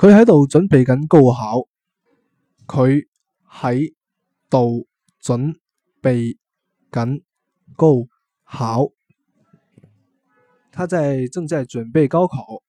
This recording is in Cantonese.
佢喺度準備緊高考，佢喺度準備緊高考。他在正在準，準備高考。